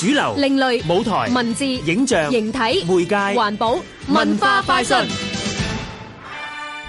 主流、另類、舞台、文字、影像、形體、媒介、環保、文化快訊。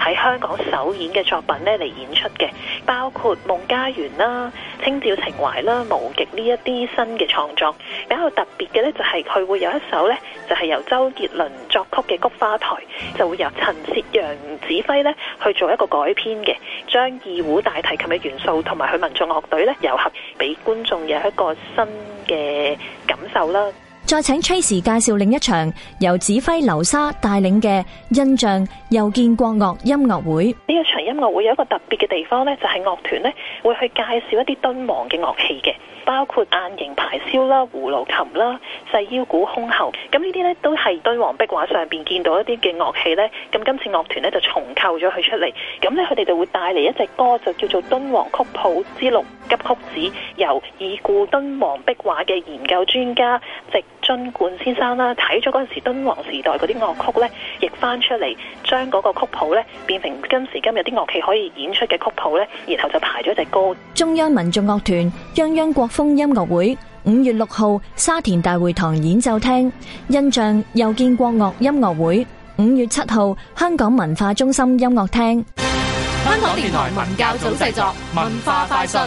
喺香港首演嘅作品呢，嚟演出嘅，包括《夢家園》啦，《清照情懷》啦，《無極》呢一啲新嘅創作，比較特別嘅呢，就係佢會有一首呢，就係由周杰倫作曲嘅《菊花台》，就會由陳少陽指揮呢去做一個改編嘅，將二胡、大提琴嘅元素同埋佢民族樂隊呢糅合，俾觀眾有一個新嘅感受啦。再請崔 r 介紹另一場由指揮流沙帶領嘅印象又見國樂音樂會。呢一場音樂會有一個特別嘅地方呢就係、是、樂團咧會去介紹一啲敦煌嘅樂器嘅，包括硬形排簫啦、葫蘆琴啦、細腰鼓、箜喉，咁呢啲咧都係敦煌壁畫上邊見到一啲嘅樂器呢，咁今次樂團咧就重構咗佢出嚟。咁呢佢哋就會帶嚟一隻歌，就叫做《敦煌曲譜之六急曲子》，由已故敦煌壁畫嘅研究專家直津冠先生啦，睇咗嗰陣時敦煌時代嗰啲樂曲咧，譯翻出嚟，將嗰個曲譜咧，變成今時今日啲樂器可以演出嘅曲譜咧，然後就排咗隻歌。中央民族樂團泱泱國風音樂會，五月六號沙田大會堂演奏廳，印象又見國樂音樂會，五月七號香港文化中心音樂廳。香港電台文教組製作，文化快訊。